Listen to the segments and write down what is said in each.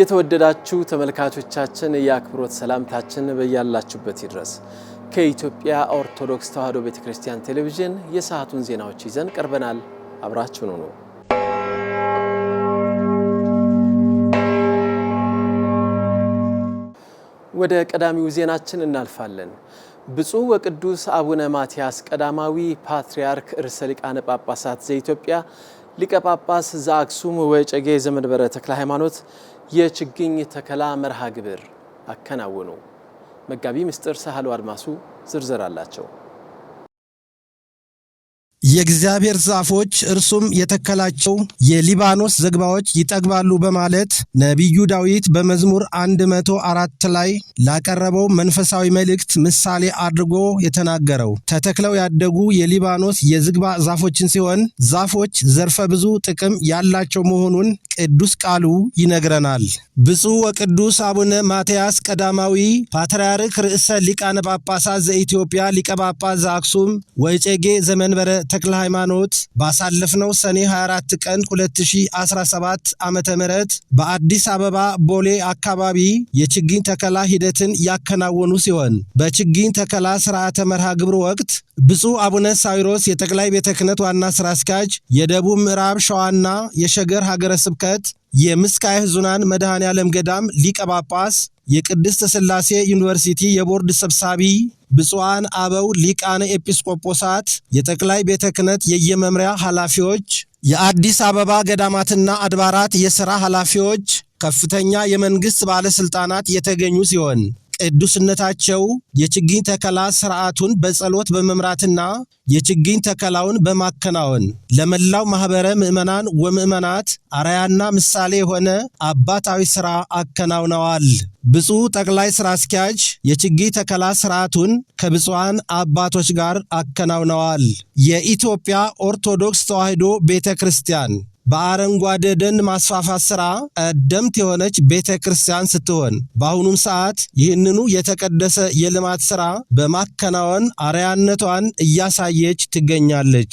የተወደዳችሁ ተመልካቾቻችን የአክብሮት ሰላምታችን በያላችሁበት ይድረስ። ከኢትዮጵያ ኦርቶዶክስ ተዋሕዶ ቤተ ክርስቲያን ቴሌቪዥን የሰዓቱን ዜናዎች ይዘን ቀርበናል። አብራችሁን ሁኑ። ወደ ቀዳሚው ዜናችን እናልፋለን። ብፁዕ ወቅዱስ አቡነ ማትያስ ቀዳማዊ ፓትርያርክ ርዕሰ ሊቃነ ጳጳሳት ዘኢትዮጵያ ሊቀ ጳጳስ ዘአክሱም ወጨጌ ዘመንበረ ተክለ ሃይማኖት የችግኝ ተከላ መርሃ ግብር አከናወኑ። መጋቢ ምስጢር ሳህሉ አድማሱ ዝርዝር አላቸው። የእግዚአብሔር ዛፎች እርሱም የተከላቸው የሊባኖስ ዝግባዎች ይጠግባሉ በማለት ነቢዩ ዳዊት በመዝሙር 104 ላይ ላቀረበው መንፈሳዊ መልእክት ምሳሌ አድርጎ የተናገረው ተተክለው ያደጉ የሊባኖስ የዝግባ ዛፎችን ሲሆን ዛፎች ዘርፈ ብዙ ጥቅም ያላቸው መሆኑን ቅዱስ ቃሉ ይነግረናል። ብፁዕ ወቅዱስ አቡነ ማትያስ ቀዳማዊ ፓትርያርክ ርዕሰ ሊቃነ ጳጳሳት ዘኢትዮጵያ ሊቀ ጳጳስ ዘአክሱም ወእጨጌ ዘመንበረ ተክለ ሃይማኖት ባሳለፍነው ሰኔ 24 ቀን 2017 ዓ ም በአዲስ አበባ ቦሌ አካባቢ የችግኝ ተከላ ሂደትን ያከናወኑ ሲሆን በችግኝ ተከላ ስርዓተ መርሃ ግብር ወቅት ብፁዕ አቡነ ሳዊሮስ የጠቅላይ ቤተ ክህነት ዋና ስራ አስኪያጅ የደቡብ ምዕራብ ሸዋና የሸገር ሀገረ ስብከት የምስካየ ኅዙናን መድኃኔ ዓለም ገዳም ሊቀ ጳጳስ፣ የቅድስት ሥላሴ ዩኒቨርሲቲ የቦርድ ሰብሳቢ፣ ብፁዓን አበው ሊቃነ ኤጲስቆጶሳት፣ የጠቅላይ ቤተ ክህነት የየመምሪያ ኃላፊዎች፣ የአዲስ አበባ ገዳማትና አድባራት የሥራ ኃላፊዎች ከፍተኛ የመንግሥት ባለሥልጣናት የተገኙ ሲሆን ቅዱስነታቸው የችግኝ ተከላ ስርዓቱን በጸሎት በመምራትና የችግኝ ተከላውን በማከናወን ለመላው ማህበረ ምዕመናን ወምዕመናት አርያና ምሳሌ የሆነ አባታዊ ስራ አከናውነዋል። ብፁዕ ጠቅላይ ስራ አስኪያጅ የችግኝ ተከላ ስርዓቱን ከብፁዓን አባቶች ጋር አከናውነዋል። የኢትዮጵያ ኦርቶዶክስ ተዋሕዶ ቤተ ክርስቲያን በአረንጓዴ ደን ማስፋፋት ስራ ቀደምት የሆነች ቤተ ክርስቲያን ስትሆን በአሁኑም ሰዓት ይህንኑ የተቀደሰ የልማት ስራ በማከናወን አርያነቷን እያሳየች ትገኛለች።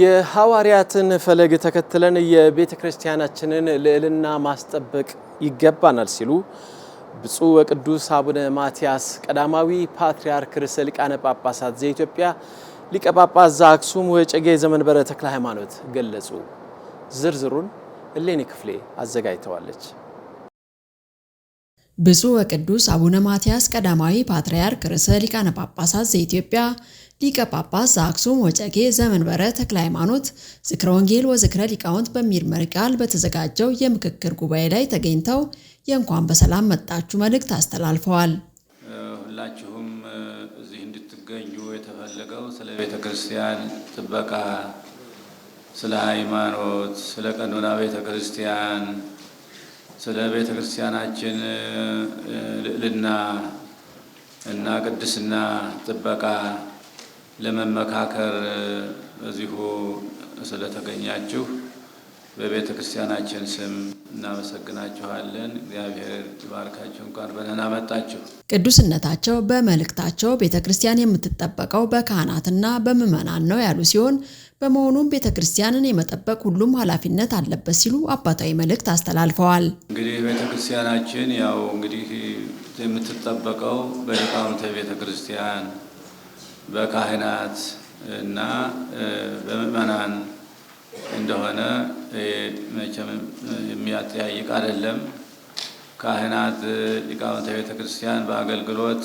የሐዋርያትን ፈለግ ተከትለን የቤተ ክርስቲያናችንን ልዕልና ማስጠበቅ ይገባናል ሲሉ ብፁዕ ወቅዱስ አቡነ ማትያስ ቀዳማዊ ፓትርያርክ ርዕሰ ሊቃነ ጳጳሳት ዘኢትዮጵያ ሊቀ ጳጳስ ዘአክሱም ወጨጌ ዘመንበረ ተክለ ሃይማኖት ገለጹ። ዝርዝሩን እሌኒ ክፍሌ አዘጋጅተዋለች። ብፁዕ ወቅዱስ አቡነ ማትያስ ቀዳማዊ ፓትርያርክ ርዕሰ ሊቃነ ጳጳሳት ዘኢትዮጵያ ሊቀ ጳጳስ ዘአክሱም ወጨጌ ዘመንበረ ተክለ ሃይማኖት ዝክረ ወንጌል ወዝክረ ሊቃውንት በሚል መሪ ቃል በተዘጋጀው የምክክር ጉባኤ ላይ ተገኝተው የእንኳን በሰላም መጣችሁ መልእክት አስተላልፈዋል። ሁላችሁም እዚህ እንድትገኙ የምንፈልገው ስለ ቤተ ክርስቲያን ጥበቃ፣ ስለ ሃይማኖት፣ ስለ ቀኖና ቤተ ክርስቲያን፣ ስለ ቤተ ክርስቲያናችን ልዕልና እና ቅድስና ጥበቃ ለመመካከር እዚሁ ስለተገኛችሁ በቤተ ክርስቲያናችን ስም እናመሰግናችኋለን። እግዚአብሔር ይባርካችሁ። እንኳን በደህና መጣችሁ። ቅዱስነታቸው በመልእክታቸው ቤተ ክርስቲያን የምትጠበቀው በካህናትና በምዕመናን ነው ያሉ ሲሆን በመሆኑም ቤተ ክርስቲያንን የመጠበቅ ሁሉም ኃላፊነት አለበት ሲሉ አባታዊ መልእክት አስተላልፈዋል። እንግዲህ ቤተ ክርስቲያናችን ያው እንግዲህ የምትጠበቀው በሊቃውንተ ቤተ ክርስቲያን፣ በካህናት እና በምዕመናን እንደሆነ መቼም የሚያጠያይቅ አይደለም። ካህናት፣ ሊቃውንተ ቤተ ክርስቲያን በአገልግሎት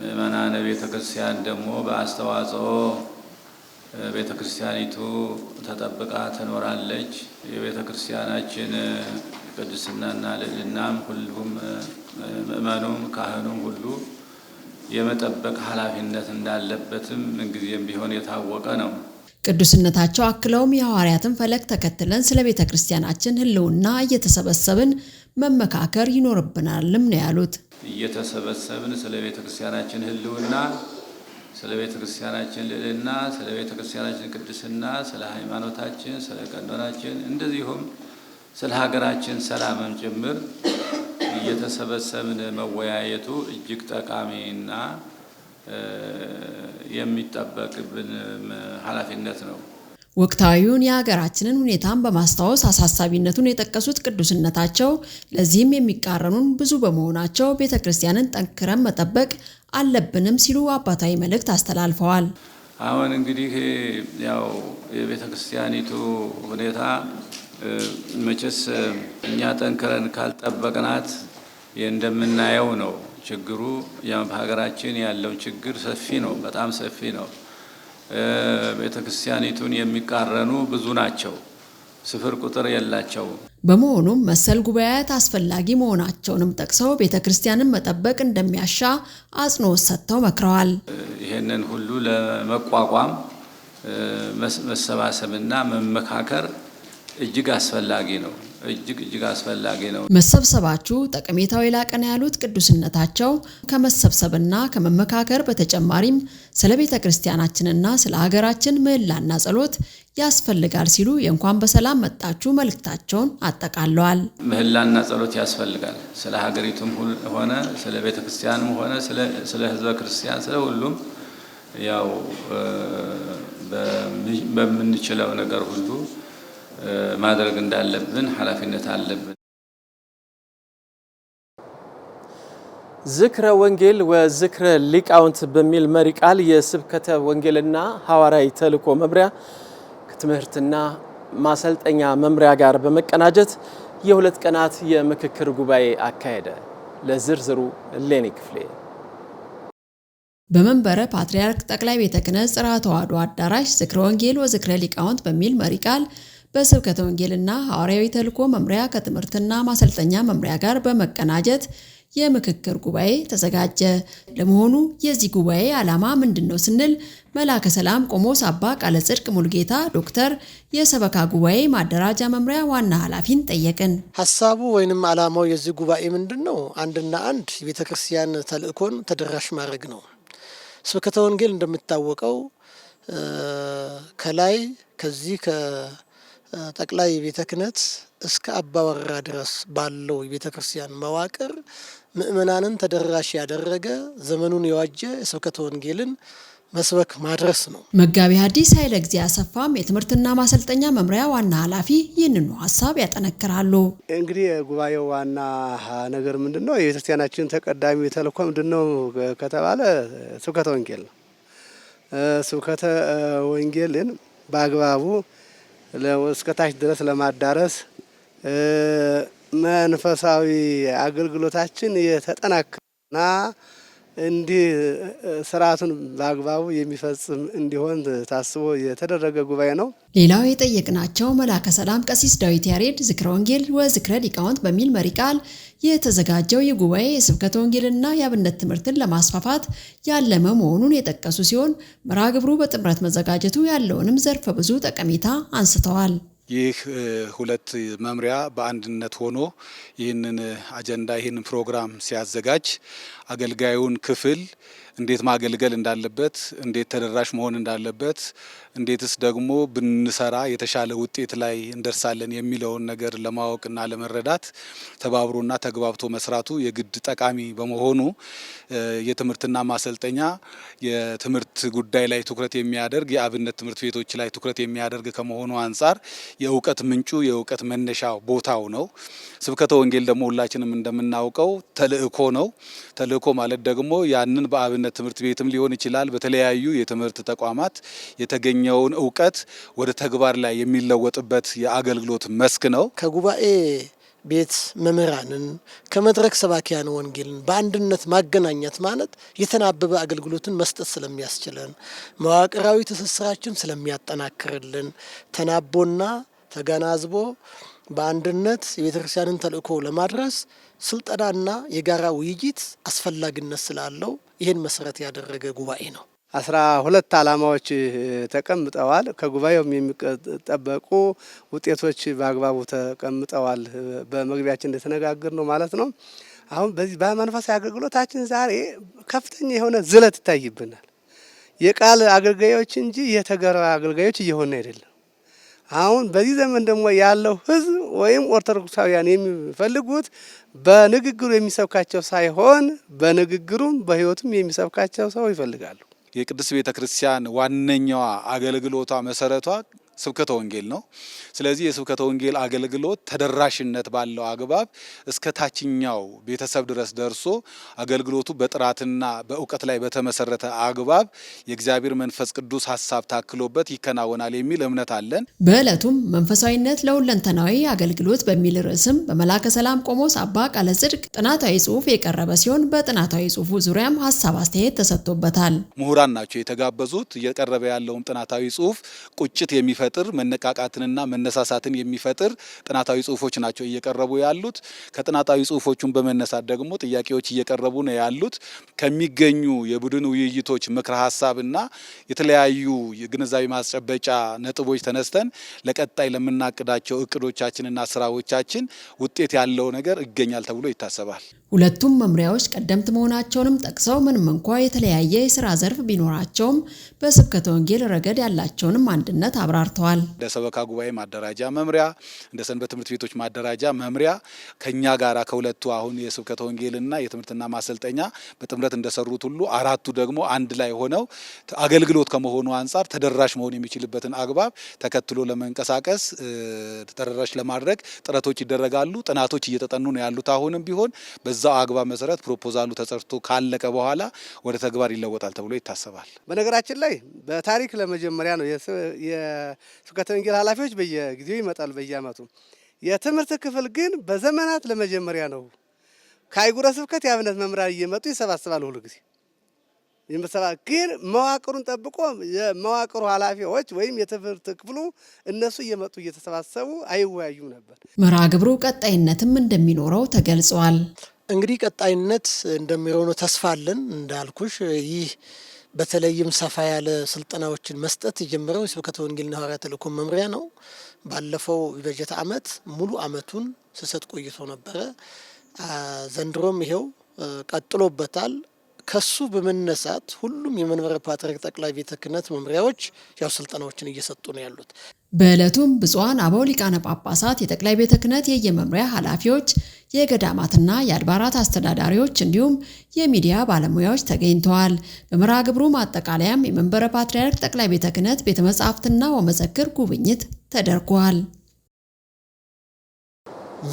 ምእመናነ ቤተ ክርስቲያን ደግሞ በአስተዋጽኦ ቤተ ክርስቲያኒቱ ተጠብቃ ትኖራለች። የቤተ ክርስቲያናችን ቅድስናና ልዕልናም ሁሉም ምእመኑም ካህኑም ሁሉ የመጠበቅ ኃላፊነት እንዳለበትም ምንጊዜም ቢሆን የታወቀ ነው። ቅዱስነታቸው አክለውም የሐዋርያትን ፈለግ ተከትለን ስለ ቤተ ክርስቲያናችን ሕልውና እየተሰበሰብን መመካከር ይኖርብናልም ነው ያሉት። እየተሰበሰብን ስለ ቤተ ክርስቲያናችን ሕልውና፣ ስለ ቤተ ክርስቲያናችን ልዕልና፣ ስለ ቤተ ክርስቲያናችን ቅድስና፣ ስለ ሃይማኖታችን፣ ስለ ቀኖናችን እንደዚሁም ስለ ሀገራችን ሰላምም ጭምር እየተሰበሰብን መወያየቱ እጅግ ጠቃሚና የሚጠበቅብን ኃላፊነት ነው። ወቅታዊውን የሀገራችንን ሁኔታን በማስታወስ አሳሳቢነቱን የጠቀሱት ቅዱስነታቸው ለዚህም የሚቃረኑን ብዙ በመሆናቸው ቤተ ክርስቲያንን ጠንክረን መጠበቅ አለብንም ሲሉ አባታዊ መልእክት አስተላልፈዋል። አሁን እንግዲህ ያው የቤተ ክርስቲያኒቱ ሁኔታ መቼስ እኛ ጠንክረን ካልጠበቅናት እንደምናየው ነው። ችግሩ ሀገራችን ያለው ችግር ሰፊ ነው፣ በጣም ሰፊ ነው። ቤተ ክርስቲያኒቱን የሚቃረኑ ብዙ ናቸው፣ ስፍር ቁጥር የላቸውም። በመሆኑም መሰል ጉባኤያት አስፈላጊ መሆናቸውንም ጠቅሰው ቤተ ክርስቲያንን መጠበቅ እንደሚያሻ አጽንኦት ሰጥተው መክረዋል። ይህንን ሁሉ ለመቋቋም መሰባሰብና መመካከር እጅግ አስፈላጊ ነው። እጅግ እጅግ አስፈላጊ ነው። መሰብሰባችሁ ጠቀሜታው የላቀ ነው ያሉት ቅዱስነታቸው ከመሰብሰብና ከመመካከር በተጨማሪም ስለ ቤተ ክርስቲያናችንና ስለ ሀገራችን ምህላና ጸሎት ያስፈልጋል ሲሉ የእንኳን በሰላም መጣችሁ መልእክታቸውን አጠቃለዋል። ምህላና ጸሎት ያስፈልጋል። ስለ ሀገሪቱም ሆነ ስለ ቤተ ክርስቲያንም ሆነ ስለ ህዝበ ክርስቲያን ስለ ሁሉም ያው በምንችለው ነገር ሁሉ ማድረግ እንዳለብን ኃላፊነት አለብን። ዝክረ ወንጌል ወዝክረ ሊቃውንት በሚል መሪ ቃል የስብከተ ወንጌልና ሐዋርያዊ ተልእኮ መምሪያ ከትምህርትና ማሰልጠኛ መምሪያ ጋር በመቀናጀት የሁለት ቀናት የምክክር ጉባኤ አካሄደ። ለዝርዝሩ ሌኒ ክፍሌ በመንበረ ፓትርያርክ ጠቅላይ ቤተ ክህነት ጽርሐ ተዋሕዶ አዳራሽ ዝክረ ወንጌል ወዝክረ ሊቃውንት በሚል መሪ ቃል በስብከተ ወንጌልና ሐዋርያዊ ተልእኮ መምሪያ ከትምህርትና ማሰልጠኛ መምሪያ ጋር በመቀናጀት የምክክር ጉባኤ ተዘጋጀ። ለመሆኑ የዚህ ጉባኤ ዓላማ ምንድን ነው ስንል መላከ ሰላም ቆሞስ አባ ቃለ ጽድቅ ሙልጌታ ዶክተር የሰበካ ጉባኤ ማደራጃ መምሪያ ዋና ኃላፊን ጠየቅን። ሀሳቡ ወይንም ዓላማው የዚህ ጉባኤ ምንድን ነው? አንድና አንድ የቤተ ክርስቲያን ተልእኮን ተደራሽ ማድረግ ነው። ስብከተ ወንጌል እንደሚታወቀው ከላይ ከዚህ ጠቅላይ ቤተ ክህነት እስከ አባወራ ድረስ ባለው የቤተ ክርስቲያን መዋቅር ምእመናንን ተደራሽ ያደረገ ዘመኑን የዋጀ የስብከተ ወንጌልን መስበክ ማድረስ ነው። መጋቢ ሐዲስ ኃይለ ጊዜ አሰፋም የትምህርትና ማሰልጠኛ መምሪያ ዋና ኃላፊ ይህንኑ ሀሳብ ያጠነክራሉ። እንግዲህ የጉባኤው ዋና ነገር ምንድን ነው? የቤተክርስቲያናችን ተቀዳሚ ተልእኮ ምንድን ነው ከተባለ ስብከተ ወንጌል ነው። ስብከተ ወንጌልን በአግባቡ እስከታች ድረስ ለማዳረስ መንፈሳዊ አገልግሎታችን የተጠናከረና እንዲህ ስርዓቱን በአግባቡ የሚፈጽም እንዲሆን ታስቦ የተደረገ ጉባኤ ነው። ሌላው የጠየቅናቸው መላከ ሰላም ቀሲስ ዳዊት ያሬድ ዝክረ ወንጌል ወዝክረ ሊቃውንት በሚል መሪ ቃል የተዘጋጀው ይህ ጉባኤ የስብከተ ወንጌልና የአብነት ትምህርትን ለማስፋፋት ያለመ መሆኑን የጠቀሱ ሲሆን መርሃ ግብሩ በጥምረት መዘጋጀቱ ያለውንም ዘርፈ ብዙ ጠቀሜታ አንስተዋል። ይህ ሁለት መምሪያ በአንድነት ሆኖ ይህንን አጀንዳ ይህንን ፕሮግራም ሲያዘጋጅ አገልጋዩን ክፍል እንዴት ማገልገል እንዳለበት፣ እንዴት ተደራሽ መሆን እንዳለበት፣ እንዴትስ ደግሞ ብንሰራ የተሻለ ውጤት ላይ እንደርሳለን የሚለውን ነገር ለማወቅና ለመረዳት ተባብሮና ተግባብቶ መስራቱ የግድ ጠቃሚ በመሆኑ የትምህርትና ማሰልጠኛ የትምህርት ጉዳይ ላይ ትኩረት የሚያደርግ የአብነት ትምህርት ቤቶች ላይ ትኩረት የሚያደርግ ከመሆኑ አንጻር የእውቀት ምንጩ የእውቀት መነሻ ቦታው ነው። ስብከተ ወንጌል ደግሞ ሁላችንም እንደምናውቀው ተልእኮ ነው። ተልእኮ ማለት ደግሞ ያንን በአብነት በዋናነት ትምህርት ቤትም ሊሆን ይችላል፣ በተለያዩ የትምህርት ተቋማት የተገኘውን እውቀት ወደ ተግባር ላይ የሚለወጥበት የአገልግሎት መስክ ነው። ከጉባኤ ቤት መምህራንን ከመድረክ ሰባኪያን ወንጌልን በአንድነት ማገናኘት ማለት የተናበበ አገልግሎትን መስጠት ስለሚያስችለን መዋቅራዊ ትስስራችን ስለሚያጠናክርልን ተናቦና ተገናዝቦ በአንድነት የቤተ ክርስቲያንን ተልእኮ ለማድረስ ስልጠናና የጋራ ውይይት አስፈላጊነት ስላለው ይህን መሰረት ያደረገ ጉባኤ ነው። አስራ ሁለት ዓላማዎች ተቀምጠዋል። ከጉባኤውም የሚጠበቁ ውጤቶች በአግባቡ ተቀምጠዋል። በመግቢያችን እንደተነጋገር ነው ማለት ነው። አሁን በዚህ በመንፈሳዊ አገልግሎታችን ዛሬ ከፍተኛ የሆነ ዝለት ይታይብናል። የቃል አገልጋዮች እንጂ የተገራ አገልጋዮች እየሆነ አይደለም። አሁን በዚህ ዘመን ደግሞ ያለው ህዝብ ወይም ኦርቶዶክሳውያን የሚፈልጉት በንግግሩ የሚሰብካቸው ሳይሆን በንግግሩም በህይወቱም የሚሰብካቸው ሰው ይፈልጋሉ። የቅድስት ቤተ ክርስቲያን ዋነኛዋ አገልግሎቷ መሰረቷ ስብከተ ወንጌል ነው። ስለዚህ የስብከተ ወንጌል አገልግሎት ተደራሽነት ባለው አግባብ እስከ ታችኛው ቤተሰብ ድረስ ደርሶ አገልግሎቱ በጥራትና በእውቀት ላይ በተመሰረተ አግባብ የእግዚአብሔር መንፈስ ቅዱስ ሀሳብ ታክሎበት ይከናወናል የሚል እምነት አለን። በዕለቱም መንፈሳዊነት ለሁለንተናዊ አገልግሎት በሚል ርዕስም በመላከ ሰላም ቆሞስ አባ ቃለ ጽድቅ ጥናታዊ ጽሁፍ የቀረበ ሲሆን በጥናታዊ ጽሁፉ ዙሪያም ሀሳብ አስተያየት ተሰጥቶበታል። ምሁራን ናቸው የተጋበዙት። እየቀረበ ያለውም ጥናታዊ ጽሁፍ ቁጭት የሚፈ የሚፈጥር መነቃቃትንና መነሳሳትን የሚፈጥር ጥናታዊ ጽሁፎች ናቸው እየቀረቡ ያሉት። ከጥናታዊ ጽሁፎቹን በመነሳት ደግሞ ጥያቄዎች እየቀረቡ ነው ያሉት። ከሚገኙ የቡድን ውይይቶች ምክረ ሀሳብና የተለያዩ የግንዛቤ ማስጨበጫ ነጥቦች ተነስተን ለቀጣይ ለምናቅዳቸው እቅዶቻችንና ስራዎቻችን ውጤት ያለው ነገር ይገኛል ተብሎ ይታሰባል። ሁለቱም መምሪያዎች ቀደምት መሆናቸውንም ጠቅሰው ምንም እንኳ የተለያየ የስራ ዘርፍ ቢኖራቸውም በስብከተ ወንጌል ረገድ ያላቸውንም አንድነት አብራርተዋል። አብራርተዋል። እንደ ሰበካ ጉባኤ ማደራጃ መምሪያ፣ እንደ ሰንበት ትምህርት ቤቶች ማደራጃ መምሪያ ከኛ ጋር ከሁለቱ አሁን የስብከተ ወንጌልና የትምህርትና ማሰልጠኛ በጥምረት እንደሰሩት ሁሉ አራቱ ደግሞ አንድ ላይ ሆነው አገልግሎት ከመሆኑ አንጻር ተደራሽ መሆን የሚችልበትን አግባብ ተከትሎ ለመንቀሳቀስ ተደራሽ ለማድረግ ጥረቶች ይደረጋሉ። ጥናቶች እየተጠኑ ነው ያሉት። አሁንም ቢሆን በዛው አግባብ መሰረት ፕሮፖዛሉ ተጸድቶ ካለቀ በኋላ ወደ ተግባር ይለወጣል ተብሎ ይታሰባል። በነገራችን ላይ በታሪክ ለመጀመሪያ ነው ስብከተ ወንጌል ኃላፊዎች በየጊዜው ይመጣሉ በየአመቱ። የትምህርት ክፍል ግን በዘመናት ለመጀመሪያ ነው። ከአህጉረ ስብከት የአብነት መምህራን እየመጡ ይሰባስባሉ። ሁሉ ጊዜ ግን መዋቅሩን ጠብቆ የመዋቅሩ ኃላፊዎች ወይም የትምህርት ክፍሉ እነሱ እየመጡ እየተሰባሰቡ አይወያዩም ነበር። መርሃ ግብሩ ቀጣይነትም እንደሚኖረው ተገልጿል። እንግዲህ ቀጣይነት እንደሚሆኑ ተስፋ አለን እንዳልኩሽ ይህ በተለይም ሰፋ ያለ ስልጠናዎችን መስጠት የጀመረው የስብከተ ወንጌልና ሐዋርያዊ ተልእኮ መምሪያ ነው። ባለፈው በጀት ዓመት ሙሉ ዓመቱን ስሰጥ ቆይቶ ነበረ። ዘንድሮም ይሄው ቀጥሎበታል። ከሱ በመነሳት ሁሉም የመንበረ ፓትርያርክ ጠቅላይ ቤተ ክህነት መምሪያዎች ያው ስልጠናዎችን እየሰጡ ነው ያሉት። በዕለቱም ብፁዓን አበው ሊቃነ ጳጳሳት፣ የጠቅላይ ቤተ ክህነት የየመምሪያ ኃላፊዎች፣ የገዳማትና የአድባራት አስተዳዳሪዎች እንዲሁም የሚዲያ ባለሙያዎች ተገኝተዋል። በመርሃ ግብሩ ማጠቃለያም የመንበረ ፓትርያርክ ጠቅላይ ቤተ ክህነት ቤተ መጻሕፍትና ወመዘክር ጉብኝት ተደርጓል።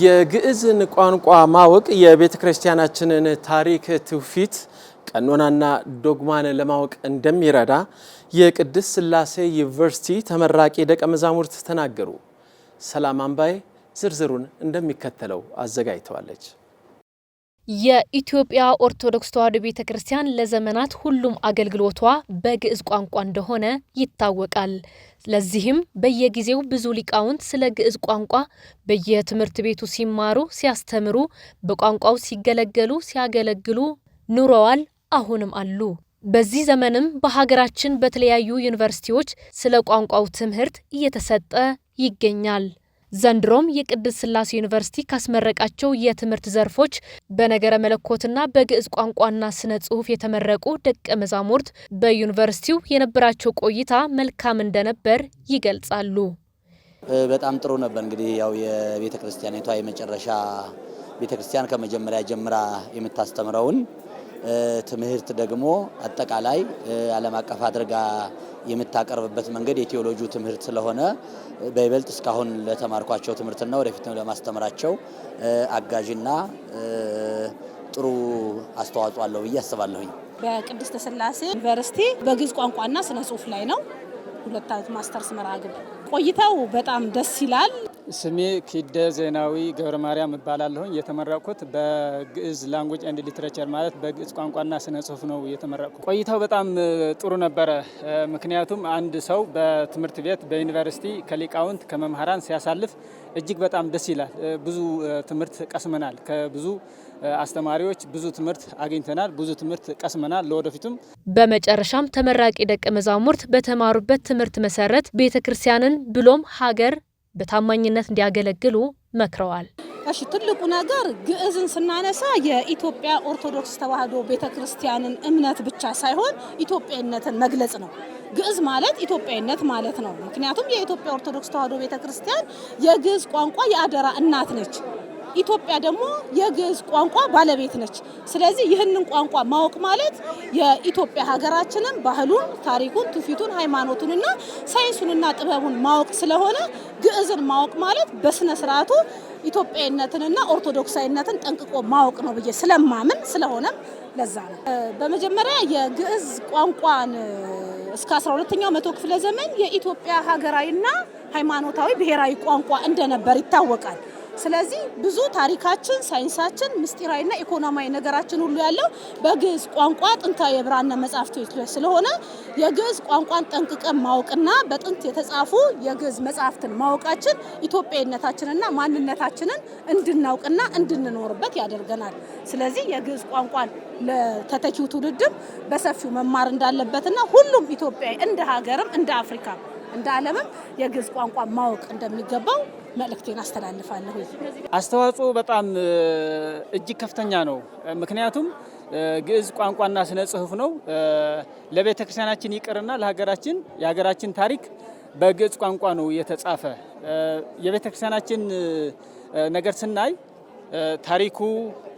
የግዕዝን ቋንቋ ማወቅ የቤተ ክርስቲያናችንን ታሪክ፣ ትውፊት ቀኖናና ዶግማን ለማወቅ እንደሚረዳ የቅድስት ስላሴ ዩኒቨርሲቲ ተመራቂ ደቀ መዛሙርት ተናገሩ። ሰላም አምባዬ ዝርዝሩን እንደሚከተለው አዘጋጅተዋለች። የኢትዮጵያ ኦርቶዶክስ ተዋሕዶ ቤተ ክርስቲያን ለዘመናት ሁሉም አገልግሎቷ በግዕዝ ቋንቋ እንደሆነ ይታወቃል። ለዚህም በየጊዜው ብዙ ሊቃውንት ስለ ግዕዝ ቋንቋ በየትምህርት ቤቱ ሲማሩ፣ ሲያስተምሩ፣ በቋንቋው ሲገለገሉ፣ ሲያገለግሉ ኑረዋል፣ አሁንም አሉ። በዚህ ዘመንም በሀገራችን በተለያዩ ዩኒቨርሲቲዎች ስለ ቋንቋው ትምህርት እየተሰጠ ይገኛል። ዘንድሮም የቅድስት ስላሴ ዩኒቨርሲቲ ካስመረቃቸው የትምህርት ዘርፎች በነገረ መለኮትና በግዕዝ ቋንቋና ስነ ጽሑፍ የተመረቁ ደቀ መዛሙርት በዩኒቨርሲቲው የነበራቸው ቆይታ መልካም እንደነበር ይገልጻሉ። በጣም ጥሩ ነበር። እንግዲህ ያው የቤተ ክርስቲያኒቷ የመጨረሻ ቤተ ክርስቲያን ከመጀመሪያ ጀምራ የምታስተምረውን ትምህርት ደግሞ አጠቃላይ ዓለም አቀፍ አድርጋ የምታቀርብበት መንገድ የቴዎሎጂ ትምህርት ስለሆነ በይበልጥ እስካሁን ለተማርኳቸው ትምህርትና ወደፊት ለማስተምራቸው አጋዥና ጥሩ አስተዋጽኦ አለው ብዬ አስባለሁኝ። በቅድስተ ስላሴ ዩኒቨርሲቲ በግዕዝ ቋንቋና ስነ ጽሁፍ ላይ ነው ሁለት ማስተርስ መርሃ ግብር በጣም ደስ ይላል። ስሜ ኪደ ዜናዊ ገብረ ማርያም እባላለሁኝ። የተመረቅኩት በግዕዝ ላንጉጅ ኤንድ ሊትሬቸር ማለት በግዕዝ ቋንቋና ስነ ጽሁፍ ነው የተመረቅኩት። ቆይታው በጣም ጥሩ ነበረ። ምክንያቱም አንድ ሰው በትምህርት ቤት በዩኒቨርሲቲ ከሊቃውንት ከመምህራን ሲያሳልፍ እጅግ በጣም ደስ ይላል። ብዙ ትምህርት ቀስመናል። ከብዙ አስተማሪዎች ብዙ ትምህርት አግኝተናል። ብዙ ትምህርት ቀስመናል ለወደፊቱም። በመጨረሻም ተመራቂ ደቀ መዛሙርት በተማሩበት ትምህርት መሰረት ቤተ ክርስቲያንን ብሎም ሀገር በታማኝነት እንዲያገለግሉ መክረዋል። እሺ ትልቁ ነገር ግዕዝን ስናነሳ የኢትዮጵያ ኦርቶዶክስ ተዋሕዶ ቤተ ክርስቲያንን እምነት ብቻ ሳይሆን ኢትዮጵያዊነትን መግለጽ ነው። ግዕዝ ማለት ኢትዮጵያዊነት ማለት ነው። ምክንያቱም የኢትዮጵያ ኦርቶዶክስ ተዋሕዶ ቤተ ክርስቲያን የግዕዝ ቋንቋ የአደራ እናት ነች። ኢትዮጵያ ደግሞ የግዕዝ ቋንቋ ባለቤት ነች። ስለዚህ ይህንን ቋንቋ ማወቅ ማለት የኢትዮጵያ ሀገራችንን ባህሉን፣ ታሪኩን፣ ትውፊቱን፣ ሃይማኖቱንና ሳይንሱንና ጥበቡን ማወቅ ስለሆነ ግዕዝን ማወቅ ማለት በስነ ስርዓቱ ኢትዮጵያዊነትንና ኦርቶዶክሳዊነትን ጠንቅቆ ማወቅ ነው ብዬ ስለማምን ስለሆነ ለዛ ነው። በመጀመሪያ የግዕዝ ቋንቋን እስከ 12ኛው መቶ ክፍለ ዘመን የኢትዮጵያ ሀገራዊና ሃይማኖታዊ ብሔራዊ ቋንቋ እንደነበር ይታወቃል። ስለዚህ ብዙ ታሪካችን፣ ሳይንሳችን፣ ምስጢራዊና ኢኮኖሚያዊ ነገራችን ሁሉ ያለው በግዕዝ ቋንቋ ጥንታዊ የብራና መጻሕፍት ስለሆነ የግዕዝ ቋንቋን ጠንቅቀን ማወቅና በጥንት የተጻፉ የግዕዝ መጽሐፍትን ማወቃችን ኢትዮጵያዊነታችንና ማንነታችንን እንድናውቅና እንድንኖርበት ያደርገናል። ስለዚህ የግዕዝ ቋንቋን ለተተኪው ትውልድም በሰፊው መማር እንዳለበትና ሁሉም ኢትዮጵያዊ እንደ ሀገርም እንደ አፍሪካ እንደ ዓለምም የግዕዝ ቋንቋ ማወቅ እንደሚገባው መልእክቴን አስተላልፋለሁ። አስተዋጽኦ በጣም እጅግ ከፍተኛ ነው። ምክንያቱም ግዕዝ ቋንቋና ስነ ጽሁፍ ነው። ለቤተ ክርስቲያናችን ይቅርና ለሀገራችን የሀገራችን ታሪክ በግዕዝ ቋንቋ ነው የተጻፈ። የቤተ ክርስቲያናችን ነገር ስናይ ታሪኩ፣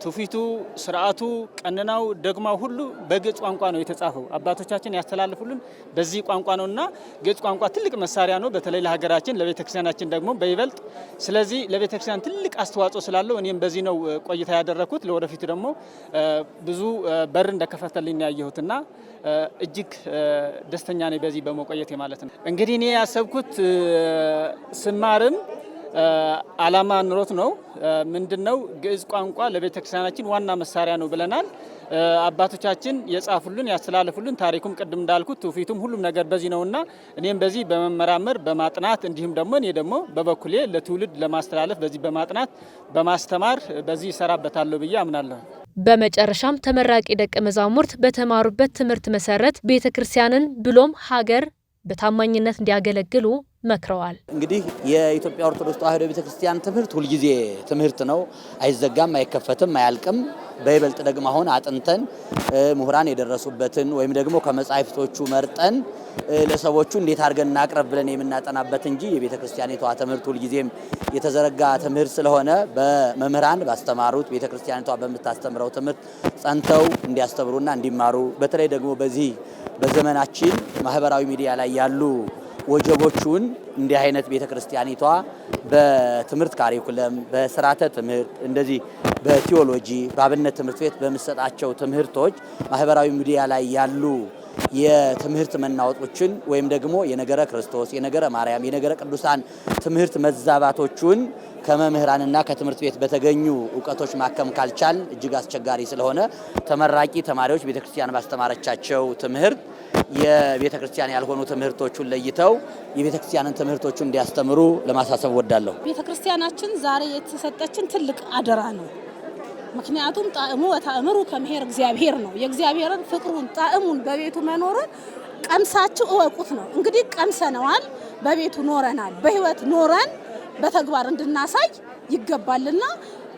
ትውፊቱ፣ ስርዓቱ፣ ቀንናው፣ ደግማው ሁሉ በግዕዝ ቋንቋ ነው የተጻፈው። አባቶቻችን ያስተላልፉልን በዚህ ቋንቋ ነው እና ግዕዝ ቋንቋ ትልቅ መሳሪያ ነው፣ በተለይ ለሀገራችን ለቤተክርስቲያናችን ደግሞ በይበልጥ። ስለዚህ ለቤተክርስቲያን ትልቅ አስተዋጽኦ ስላለው እኔም በዚህ ነው ቆይታ ያደረኩት። ለወደፊቱ ደግሞ ብዙ በር እንደከፈተልኝ ያየሁትና እጅግ ደስተኛ ነኝ በዚህ በመቆየቴ ማለት ነው። እንግዲህ እኔ ያሰብኩት ስማርም አላማ ኑሮት ነው። ምንድነው? ግዕዝ ቋንቋ ለቤተ ክርስቲያናችን ዋና መሳሪያ ነው ብለናል። አባቶቻችን የጻፉልን ያስተላለፉልን፣ ታሪኩም ቅድም እንዳልኩት ትውፊቱም ሁሉም ነገር በዚህ ነውና እኔም በዚህ በመመራመር በማጥናት እንዲሁም ደግሞ እኔ ደግሞ በበኩሌ ለትውልድ ለማስተላለፍ በዚህ በማጥናት በማስተማር በዚህ ይሰራበታለሁ ብዬ አምናለሁ። በመጨረሻም ተመራቂ ደቀ መዛሙርት በተማሩበት ትምህርት መሰረት ቤተ ክርስቲያንን ብሎም ሀገር በታማኝነት እንዲያገለግሉ መክረዋል። እንግዲህ የኢትዮጵያ ኦርቶዶክስ ተዋሕዶ ቤተክርስቲያን ትምህርት ሁልጊዜ ትምህርት ነው፣ አይዘጋም፣ አይከፈትም፣ አያልቅም። በይበልጥ ደግሞ አሁን አጥንተን ምሁራን የደረሱበትን ወይም ደግሞ ከመጻሕፍቶቹ መርጠን ለሰዎቹ እንዴት አድርገን እናቅረብ ብለን የምናጠናበት እንጂ የቤተ ክርስቲያኒቷ ትምህርት ሁልጊዜም የተዘረጋ ትምህርት ስለሆነ በመምህራን ባስተማሩት ቤተ ክርስቲያኒቷ በምታስተምረው ትምህርት ጸንተው እንዲያስተምሩና እንዲማሩ በተለይ ደግሞ በዚህ በዘመናችን ማህበራዊ ሚዲያ ላይ ያሉ ወጀቦቹን እንዲህ አይነት ቤተ ክርስቲያኒቷ በትምህርት ካሪኩለም፣ በስርዓተ ትምህርት እንደዚህ በቲዎሎጂ በአብነት ትምህርት ቤት በምሰጣቸው ትምህርቶች ማህበራዊ ሚዲያ ላይ ያሉ የትምህርት መናወጦችን ወይም ደግሞ የነገረ ክርስቶስ፣ የነገረ ማርያም፣ የነገረ ቅዱሳን ትምህርት መዛባቶቹን ከመምህራንና ከትምህርት ቤት በተገኙ እውቀቶች ማከም ካልቻል እጅግ አስቸጋሪ ስለሆነ ተመራቂ ተማሪዎች ቤተክርስቲያን ባስተማረቻቸው ትምህርት የቤተክርስቲያን ያልሆኑ ትምህርቶቹን ለይተው የቤተክርስቲያንን ትምህርቶቹን እንዲያስተምሩ ለማሳሰብ ወዳለሁ ቤተክርስቲያናችን ዛሬ የተሰጠችን ትልቅ አደራ ነው። ምክንያቱም ጣዕሙ ወታእምሩ ከመሄር እግዚአብሔር ነው። የእግዚአብሔርን ፍቅሩን ጣዕሙን በቤቱ መኖሩ ቀምሳችሁ እወቁት ነው። እንግዲህ ቀምሰነዋል፣ በቤቱ ኖረናል። በህይወት ኖረን በተግባር እንድናሳይ ይገባልና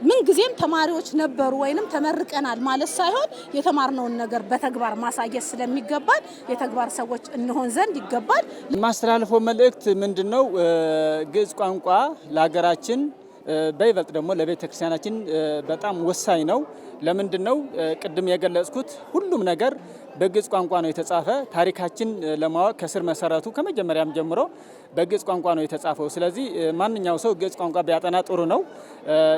ምንጊዜም ተማሪዎች ነበሩ ወይንም ተመርቀናል ማለት ሳይሆን የተማርነውን ነገር በተግባር ማሳየት ስለሚገባል የተግባር ሰዎች እንሆን ዘንድ ይገባል። የማስተላልፈው መልእክት ምንድን ነው? ግዕዝ ቋንቋ ለሀገራችን በይበልጥ ደግሞ ለቤተ ክርስቲያናችን በጣም ወሳኝ ነው። ለምንድን ነው ቅድም የገለጽኩት? ሁሉም ነገር በግዕዝ ቋንቋ ነው የተጻፈ። ታሪካችን ለማወቅ ከስር መሰረቱ ከመጀመሪያም ጀምሮ በግዕዝ ቋንቋ ነው የተጻፈው። ስለዚህ ማንኛው ሰው ግዕዝ ቋንቋ ቢያጠና ጥሩ ነው።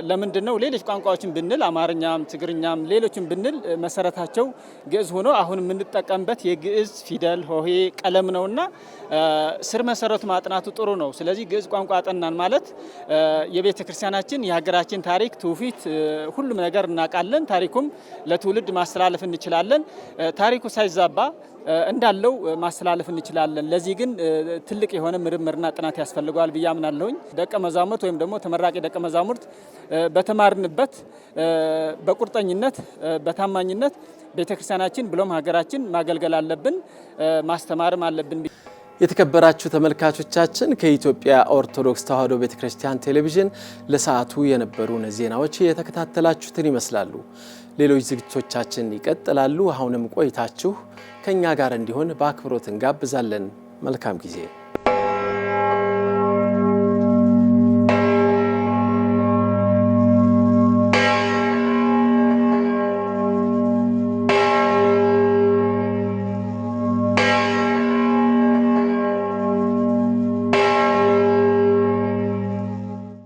ለምንድን ነው ሌሎች ቋንቋዎችን ብንል አማርኛም፣ ትግርኛም ሌሎችን ብንል መሰረታቸው ግዕዝ ሆኖ አሁን የምንጠቀምበት የግዕዝ ፊደል ሆሄ፣ ቀለም ነውና ስር መሰረቱ ማጥናቱ ጥሩ ነው። ስለዚህ ግዕዝ ቋንቋ አጠናን ማለት የቤተ ክርስቲያናችን የሀገራችን ታሪክ ትውፊት፣ ሁሉም ነገር እናውቃለን። ታሪኩም ለትውልድ ማስተላለፍ እንችላለን። ታሪኩ ሳይዛባ እንዳለው ማስተላለፍ እንችላለን። ለዚህ ግን ትልቅ የሆነ ምርምርና ጥናት ያስፈልገዋል ብዬ አምናለሁኝ። ደቀ መዛሙርት ወይም ደግሞ ተመራቂ ደቀ መዛሙርት በተማርንበት በቁርጠኝነት በታማኝነት ቤተክርስቲያናችን ብሎም ሀገራችን ማገልገል አለብን፣ ማስተማርም አለብን። የተከበራችሁ ተመልካቾቻችን ከኢትዮጵያ ኦርቶዶክስ ተዋሕዶ ቤተክርስቲያን ቴሌቪዥን ለሰዓቱ የነበሩን ዜናዎች የተከታተላችሁትን ይመስላሉ። ሌሎች ዝግጅቶቻችን ይቀጥላሉ። አሁንም ቆይታችሁ ከእኛ ጋር እንዲሆን በአክብሮት እንጋብዛለን። መልካም ጊዜ